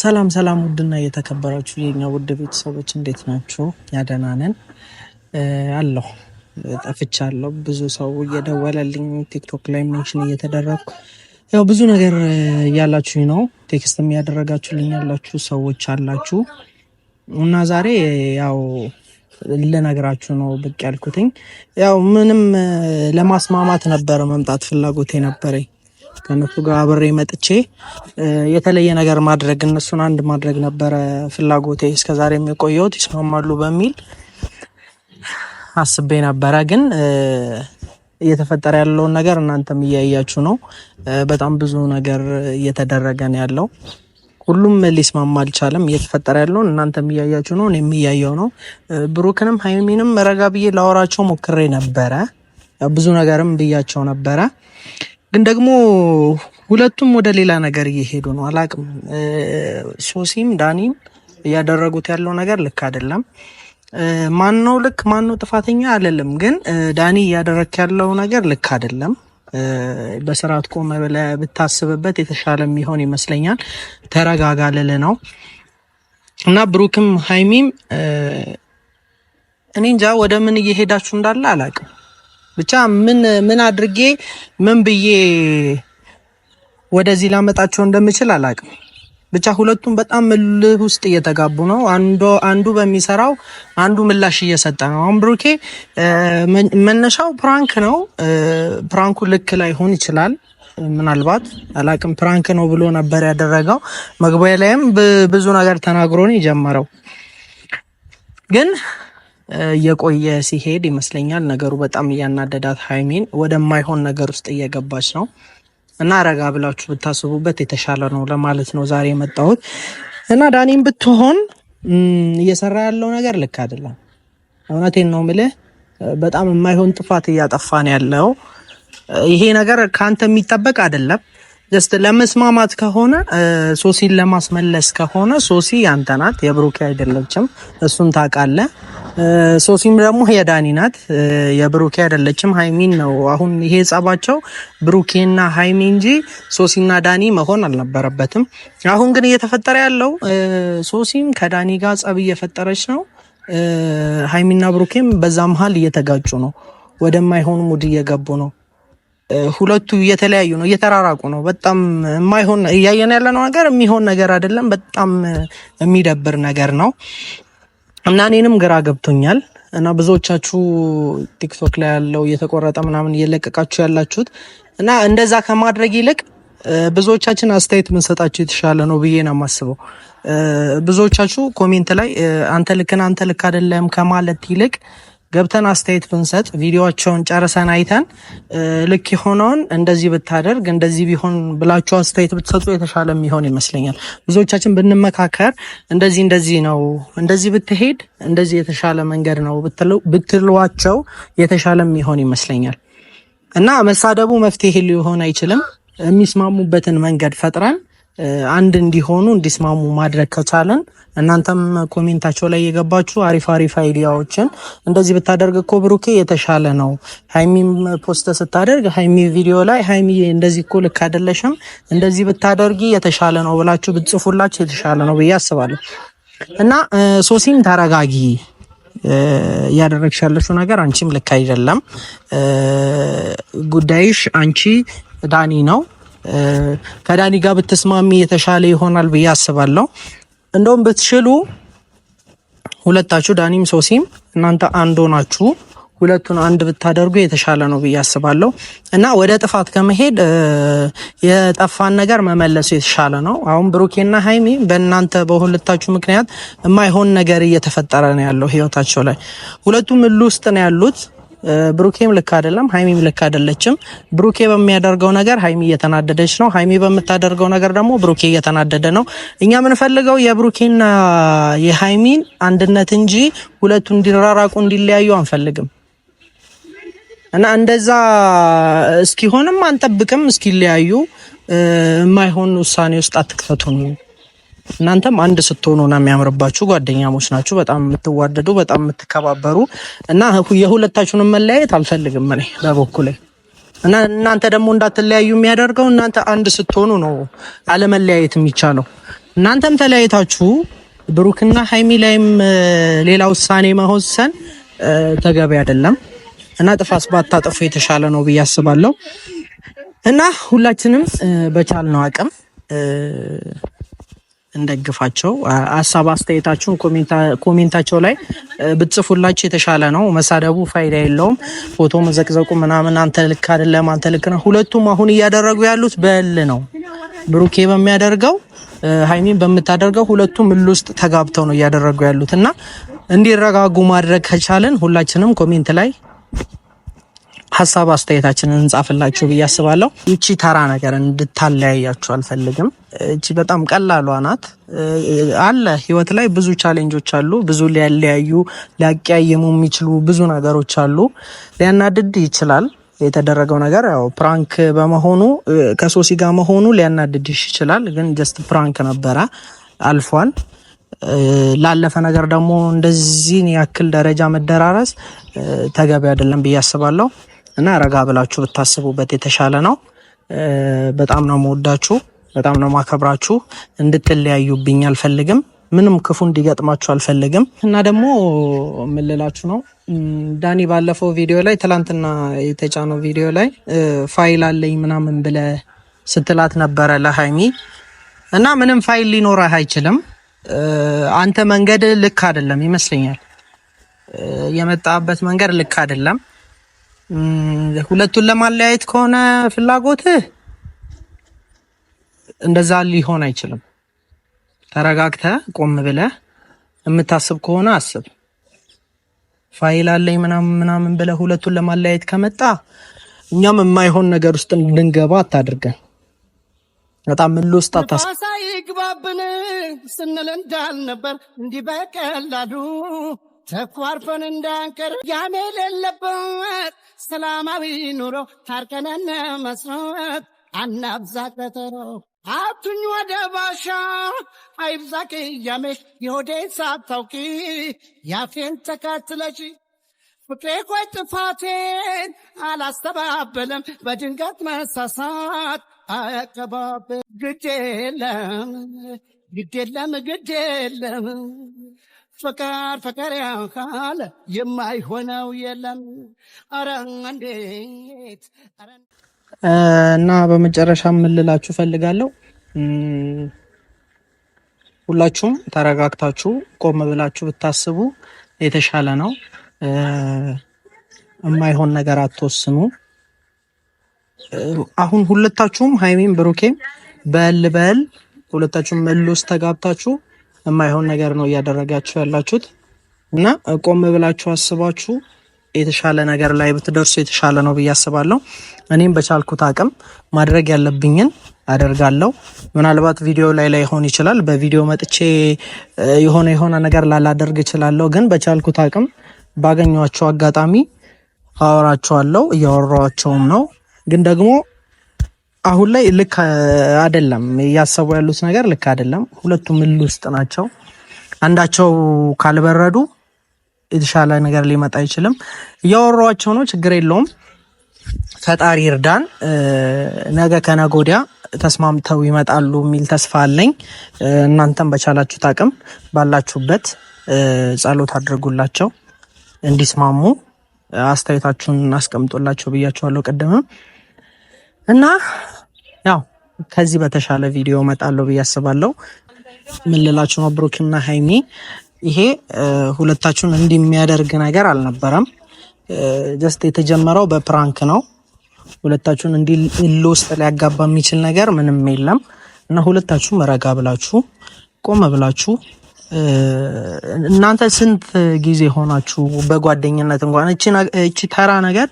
ሰላም ሰላም፣ ውድና እየተከበራችሁ የኛ ውድ ቤተሰቦች እንዴት ናችሁ? ያደና ነን አለሁ። ጠፍቻለሁ። ብዙ ሰው እየደወለልኝ ቲክቶክ ላይ ሜንሽን እየተደረግኩ ያው ብዙ ነገር እያላችሁ ነው። ቴክስትም እያደረጋችሁልኝ ያላችሁ ሰዎች አላችሁ እና ዛሬ ያው ልነግራችሁ ነው ብቅ ያልኩትኝ። ያው ምንም ለማስማማት ነበረ መምጣት ፍላጎት ነበረኝ። ከእነሱ ጋር አብሬ መጥቼ የተለየ ነገር ማድረግ እነሱን አንድ ማድረግ ነበረ ፍላጎቴ። እስከዛሬ የሚቆየውት ይስማማሉ በሚል አስቤ ነበረ፣ ግን እየተፈጠረ ያለውን ነገር እናንተም እያያችሁ ነው። በጣም ብዙ ነገር እየተደረገ ነው ያለው። ሁሉም ሊስማማ አልቻለም። እየተፈጠረ ያለውን እናንተም እያያችሁ ነው፣ እኔም እያየው ነው። ብሩክንም ሀይሚንም ረጋ ብዬ ላወራቸው ሞክሬ ነበረ፣ ብዙ ነገርም ብያቸው ነበረ ግን ደግሞ ሁለቱም ወደ ሌላ ነገር እየሄዱ ነው። አላቅም ሶሲም ዳኒም እያደረጉት ያለው ነገር ልክ አይደለም። ማን ነው ልክ ማን ነው ጥፋተኛ አይደለም። ግን ዳኒ እያደረክ ያለው ነገር ልክ አይደለም። በስርዓት ቆመ ብለህ ብታስብበት የተሻለ የሚሆን ይመስለኛል። ተረጋጋ ነው እና ብሩክም ሀይሚም እኔ እንጃ ወደ ምን እየሄዳችሁ እንዳለ አላቅም። ብቻ ምን ምን አድርጌ ምን ብዬ ወደዚህ ላመጣቸው እንደምችል አላቅም። ብቻ ሁለቱም በጣም ምልህ ውስጥ እየተጋቡ ነው። አንዱ አንዱ በሚሰራው አንዱ ምላሽ እየሰጠ ነው። አሁን ብሩኬ መነሻው ፕራንክ ነው። ፕራንኩ ልክ ላይሆን ይችላል። ምናልባት አላቅም። ፕራንክ ነው ብሎ ነበር ያደረገው። መግቢያ ላይም ብዙ ነገር ተናግሮን የጀመረው ግን የቆየ ሲሄድ ይመስለኛል ነገሩ በጣም እያናደዳት ሀይሚን ወደማይሆን ነገር ውስጥ እየገባች ነው እና ረጋ ብላችሁ ብታስቡበት የተሻለ ነው ለማለት ነው ዛሬ የመጣሁት። እና ዳኒም ብትሆን እየሰራ ያለው ነገር ልክ አይደለም። እውነቴን ነው ምልህ፣ በጣም የማይሆን ጥፋት እያጠፋን ያለው። ይሄ ነገር ከአንተ የሚጠበቅ አይደለም። ጀስት ለመስማማት ከሆነ ሶሲን ለማስመለስ ከሆነ ሶሲ ያንተ ናት፣ የብሩኬ አይደለችም። እሱን ታውቃለህ። ሶሲም ደግሞ የዳኒ ናት፣ የብሩኬ አይደለችም። ሀይሚን ነው አሁን ይሄ ጸባቸው ብሩኬና ሃይሚ እንጂ ሶሲና ዳኒ መሆን አልነበረበትም። አሁን ግን እየተፈጠረ ያለው ሶሲም ከዳኒ ጋር ጸብ እየፈጠረች ነው። ሃይሚና ብሩኬም በዛ መሀል እየተጋጩ ነው፣ ወደማይሆን ሙድ እየገቡ ነው። ሁለቱ እየተለያዩ ነው፣ እየተራራቁ ነው። በጣም የማይሆን እያየን ያለነው ነገር የሚሆን ነገር አይደለም። በጣም የሚደብር ነገር ነው እና እኔንም ግራ ገብቶኛል እና ብዙዎቻችሁ ቲክቶክ ላይ ያለው እየተቆረጠ ምናምን እየለቀቃችሁ ያላችሁት እና እንደዛ ከማድረግ ይልቅ ብዙዎቻችን አስተያየት ብንሰጣችሁ የተሻለ ነው ብዬ ነው የማስበው። ብዙዎቻችሁ ኮሜንት ላይ አንተ ልክን አንተ ልክ አይደለም ከማለት ይልቅ ገብተን አስተያየት ብንሰጥ ቪዲዮቸውን ጨርሰን አይተን ልክ የሆነውን እንደዚህ ብታደርግ እንደዚህ ቢሆን ብላችሁ አስተያየት ብትሰጡ የተሻለ የሚሆን ይመስለኛል። ብዙዎቻችን ብንመካከር እንደዚህ እንደዚህ ነው እንደዚህ ብትሄድ እንደዚህ የተሻለ መንገድ ነው ብትሏቸው የተሻለ የሚሆን ይመስለኛል እና መሳደቡ መፍትሄ ሊሆን አይችልም። የሚስማሙበትን መንገድ ፈጥረን አንድ እንዲሆኑ እንዲስማሙ ማድረግ ከቻለን እናንተም ኮሜንታቸው ላይ የገባችሁ አሪፍ አሪፍ አይዲያዎችን እንደዚህ ብታደርግ እኮ ብሩኬ የተሻለ ነው፣ ሀይሚም ፖስት ስታደርግ ሀይሚ ቪዲዮ ላይ ሀይሚ እንደዚህ እኮ ልክ አይደለሽም፣ እንደዚህ ብታደርጊ የተሻለ ነው ብላችሁ ብትጽፉላችሁ የተሻለ ነው ብዬ አስባለሁ። እና ሶሲም ተረጋጊ፣ እያደረግሽ ያለሽው ነገር አንቺም ልክ አይደለም፣ ጉዳይሽ አንቺ ዳኒ ነው ከዳኒ ጋር ብትስማሚ የተሻለ ይሆናል ብዬ አስባለሁ። እንደውም ብትችሉ ሁለታችሁ ዳኒም ሶሲም እናንተ አንድ ሆናችሁ ሁለቱን አንድ ብታደርጉ የተሻለ ነው ብዬ አስባለሁ እና ወደ ጥፋት ከመሄድ የጠፋን ነገር መመለሱ የተሻለ ነው። አሁን ብሩኬና ሀይሚ በእናንተ በሁለታችሁ ምክንያት የማይሆን ነገር እየተፈጠረ ነው ያለው ህይወታቸው ላይ። ሁለቱም እሉ ውስጥ ነው ያሉት። ብሩኬም ልክ አይደለም፣ ሀይሚም ልክ አይደለችም። ብሩኬ በሚያደርገው ነገር ሀይሚ እየተናደደች ነው፣ ሀይሚ በምታደርገው ነገር ደግሞ ብሩኬ እየተናደደ ነው። እኛ የምንፈልገው የብሩኬና የሀይሚን አንድነት እንጂ ሁለቱ እንዲራራቁ እንዲለያዩ አንፈልግም። እና እንደዛ እስኪሆንም አንጠብቅም። እስኪለያዩ የማይሆን ውሳኔ ውስጥ አትክተቱን። እናንተም አንድ ስትሆኑ ነው የሚያምርባችሁ። ጓደኛሞች ናችሁ፣ በጣም የምትዋደዱ፣ በጣም የምትከባበሩ እና የሁለታችሁንም መለያየት አልፈልግም እኔ በበኩሌ እና እናንተ ደግሞ እንዳትለያዩ የሚያደርገው እናንተ አንድ ስትሆኑ ነው አለመለያየት የሚቻለው። እናንተም ተለያይታችሁ ብሩክና ሀይሚ ላይም ሌላ ውሳኔ መወሰን ተገቢ አይደለም እና ጥፋት ባታጠፉ የተሻለ ነው ብዬ አስባለሁ እና ሁላችንም በቻልነው አቅም እንደግፋቸው። ሀሳብ አስተያየታችሁን ኮሜንታቸው ላይ ብጽፉላቸው የተሻለ ነው። መሳደቡ ፋይዳ የለውም። ፎቶ መዘቅዘቁ ምናምን አንተ ልክ አይደለም፣ አንተ ልክ ነው። ሁለቱም አሁን እያደረጉ ያሉት በል ነው። ብሩኬ በሚያደርገው ሀይሚን በምታደርገው ሁለቱም እል ውስጥ ተጋብተው ነው እያደረጉ ያሉት እና እንዲረጋጉ ማድረግ ከቻለን ሁላችንም ኮሜንት ላይ ሀሳብ አስተያየታችንን እንጻፍላችሁ ብዬ አስባለሁ። ይቺ ተራ ነገር እንድታለያያችሁ አልፈልግም። እቺ በጣም ቀላሏ ናት። አለ ህይወት ላይ ብዙ ቻሌንጆች አሉ። ብዙ ሊያለያዩ ሊያቀያየሙ የሚችሉ ብዙ ነገሮች አሉ። ሊያናድድ ይችላል። የተደረገው ነገር ያው ፕራንክ በመሆኑ ከሶሲ ጋር መሆኑ ሊያናድድሽ ይችላል። ግን ጀስት ፕራንክ ነበረ፣ አልፏል። ላለፈ ነገር ደግሞ እንደዚህን ያክል ደረጃ መደራረስ ተገቢ አይደለም ብዬ አስባለሁ። እና ረጋ ብላችሁ ብታስቡበት የተሻለ ነው። በጣም ነው መወዳችሁ፣ በጣም ነው ማከብራችሁ። እንድትለያዩብኝ አልፈልግም። ምንም ክፉ እንዲገጥማችሁ አልፈልግም። እና ደግሞ የምልላችሁ ነው ዳኒ ባለፈው ቪዲዮ ላይ ትላንትና የተጫነው ቪዲዮ ላይ ፋይል አለኝ ምናምን ብለ ስትላት ነበረ ለሀይሚ እና ምንም ፋይል ሊኖረህ አይችልም። አንተ መንገድ ልክ አይደለም ይመስለኛል፣ የመጣበት መንገድ ልክ አይደለም። ሁለቱን ለማለያየት ከሆነ ፍላጎትህ እንደዛ ሊሆን አይችልም። ተረጋግተህ ቆም ብለህ የምታስብ ከሆነ አስብ። ፋይል አለኝ ምናምን ምናምን ብለህ ሁለቱን ለማለያየት ከመጣ እኛም የማይሆን ነገር ውስጥ እንድንገባ አታድርገን። በጣም ምን ውስጥ አታስብ። ይግባብን ስንል እንዳልነበር እንዲህ በቀላሉ ተኳርፈን እንዳንቀር ያሜ የሌለበት ሰላማዊ ኑሮ ታርቀነን መስረት አናብዛ በተሮ አቱኝ ወደ ባሻ አይብዛ ቅያሜሽ የሆዴን ሳታውቂ ያፌን ተከትለሽ ፍቅሬ ቆይ ጥፋቴን አላስተባበለም በድንገት መሳሳት አያቀባበል ግድ የለም ግድ የለም ግድ የለም ፍቅር ፍቅር ያለ የማይሆነው የለም። አረ እንዴት እና በመጨረሻ የምልላችሁ ፈልጋለሁ ሁላችሁም ተረጋግታችሁ ቆም ብላችሁ ብታስቡ የተሻለ ነው። የማይሆን ነገር አትወስኑ። አሁን ሁለታችሁም ሀይሚም ብሩኬም በል በል ሁለታችሁም መልስ ተጋብታችሁ የማይሆን ነገር ነው እያደረጋችሁ ያላችሁት እና ቆም ብላችሁ አስባችሁ የተሻለ ነገር ላይ ብትደርሱ የተሻለ ነው ብዬ አስባለሁ። እኔም በቻልኩት አቅም ማድረግ ያለብኝን አደርጋለሁ። ምናልባት ቪዲዮ ላይ ላይሆን ይችላል። በቪዲዮ መጥቼ የሆነ የሆነ ነገር ላላደርግ እችላለሁ። ግን በቻልኩት አቅም ባገኟቸው አጋጣሚ አወራቸዋለሁ። እያወራቸውም ነው ግን ደግሞ አሁን ላይ ልክ አይደለም፣ እያሰቡ ያሉት ነገር ልክ አይደለም። ሁለቱም እል ውስጥ ናቸው። አንዳቸው ካልበረዱ የተሻለ ነገር ሊመጣ አይችልም። እያወሯቸው ነው። ችግር የለውም። ፈጣሪ እርዳን። ነገ ከነጎዲያ ተስማምተው ይመጣሉ የሚል ተስፋ አለኝ። እናንተም በቻላችሁት አቅም ባላችሁበት ጸሎት አድርጉላቸው እንዲስማሙ አስተያየታችሁን አስቀምጦላቸው ብያችኋለሁ ቀደምም እና ከዚህ በተሻለ ቪዲዮ መጣለሁ ብዬ አስባለሁ። ምን ልላችሁ ነው ብሩክና ሀይሚ ይሄ ሁለታችሁን እንዲሚያደርግ ነገር አልነበረም። ጀስት የተጀመረው በፕራንክ ነው። ሁለታችሁን እንዲል ውስጥ ሊያጋባ የሚችል ነገር ምንም የለም እና ሁለታችሁም ረጋ ብላችሁ ቆመ ብላችሁ እናንተ ስንት ጊዜ ሆናችሁ በጓደኝነት እንኳን እቺ ተራ ነገር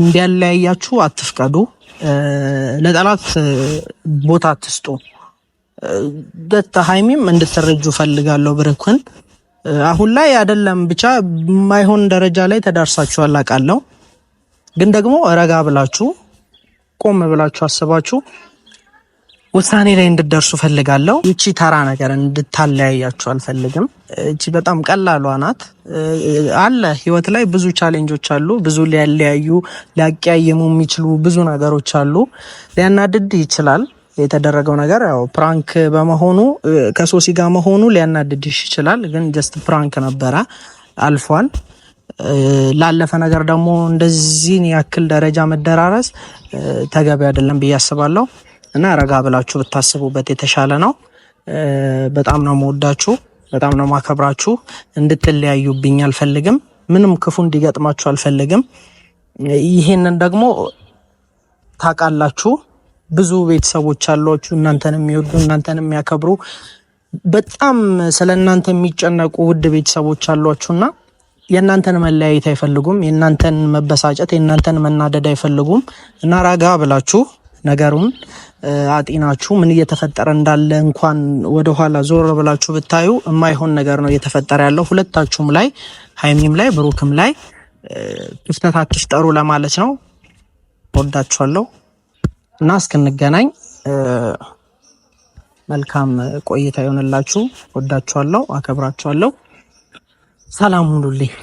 እንዲያለያያችሁ አትፍቀዱ። ለጠላት ቦታ አትስጡ። ሀይሚም እንድትረጁ ፈልጋለሁ። ብርኩን አሁን ላይ አይደለም ብቻ ማይሆን ደረጃ ላይ ተዳርሳችኋል አውቃለሁ። ግን ደግሞ ረጋ ብላችሁ ቆም ብላችሁ አስባችሁ ውሳኔ ላይ እንድደርሱ ፈልጋለሁ። ይቺ ተራ ነገር እንድታለያያችሁ አልፈልግም። እቺ በጣም ቀላሏ ናት። አለ ህይወት ላይ ብዙ ቻሌንጆች አሉ። ብዙ ሊያለያዩ ሊያቀያየሙ የሚችሉ ብዙ ነገሮች አሉ። ሊያናድድ ይችላል። የተደረገው ነገር ያው ፕራንክ በመሆኑ ከሶሲ ጋር መሆኑ ሊያናድድሽ ይችላል። ግን ጀስት ፕራንክ ነበረ፣ አልፏል። ላለፈ ነገር ደግሞ እንደዚህን ያክል ደረጃ መደራረስ ተገቢ አይደለም ብዬ አስባለሁ። እና ረጋ ብላችሁ ብታስቡበት የተሻለ ነው። በጣም ነው መወዳችሁ፣ በጣም ነው ማከብራችሁ። እንድትለያዩብኝ አልፈልግም። ምንም ክፉ እንዲገጥማችሁ አልፈልግም። ይሄንን ደግሞ ታውቃላችሁ። ብዙ ቤተሰቦች አሏችሁ፣ እናንተን የሚወዱ እናንተን የሚያከብሩ በጣም ስለ እናንተ የሚጨነቁ ውድ ቤተሰቦች አሏችሁና የእናንተን መለያየት አይፈልጉም። የእናንተን መበሳጨት፣ የእናንተን መናደድ አይፈልጉም እና ረጋ ብላችሁ ነገሩን አጢናችሁ ምን እየተፈጠረ እንዳለ እንኳን ወደኋላ ዞር ብላችሁ ብታዩ የማይሆን ነገር ነው እየተፈጠረ ያለው። ሁለታችሁም ላይ ሀይሚም ላይ ብሩክም ላይ ክፍተት አትፍጠሩ ለማለት ነው። ወዳችኋለሁ እና እስክንገናኝ መልካም ቆይታ ይሆንላችሁ። ወዳችኋለሁ፣ አከብራችኋለሁ። ሰላም ሁኑልኝ።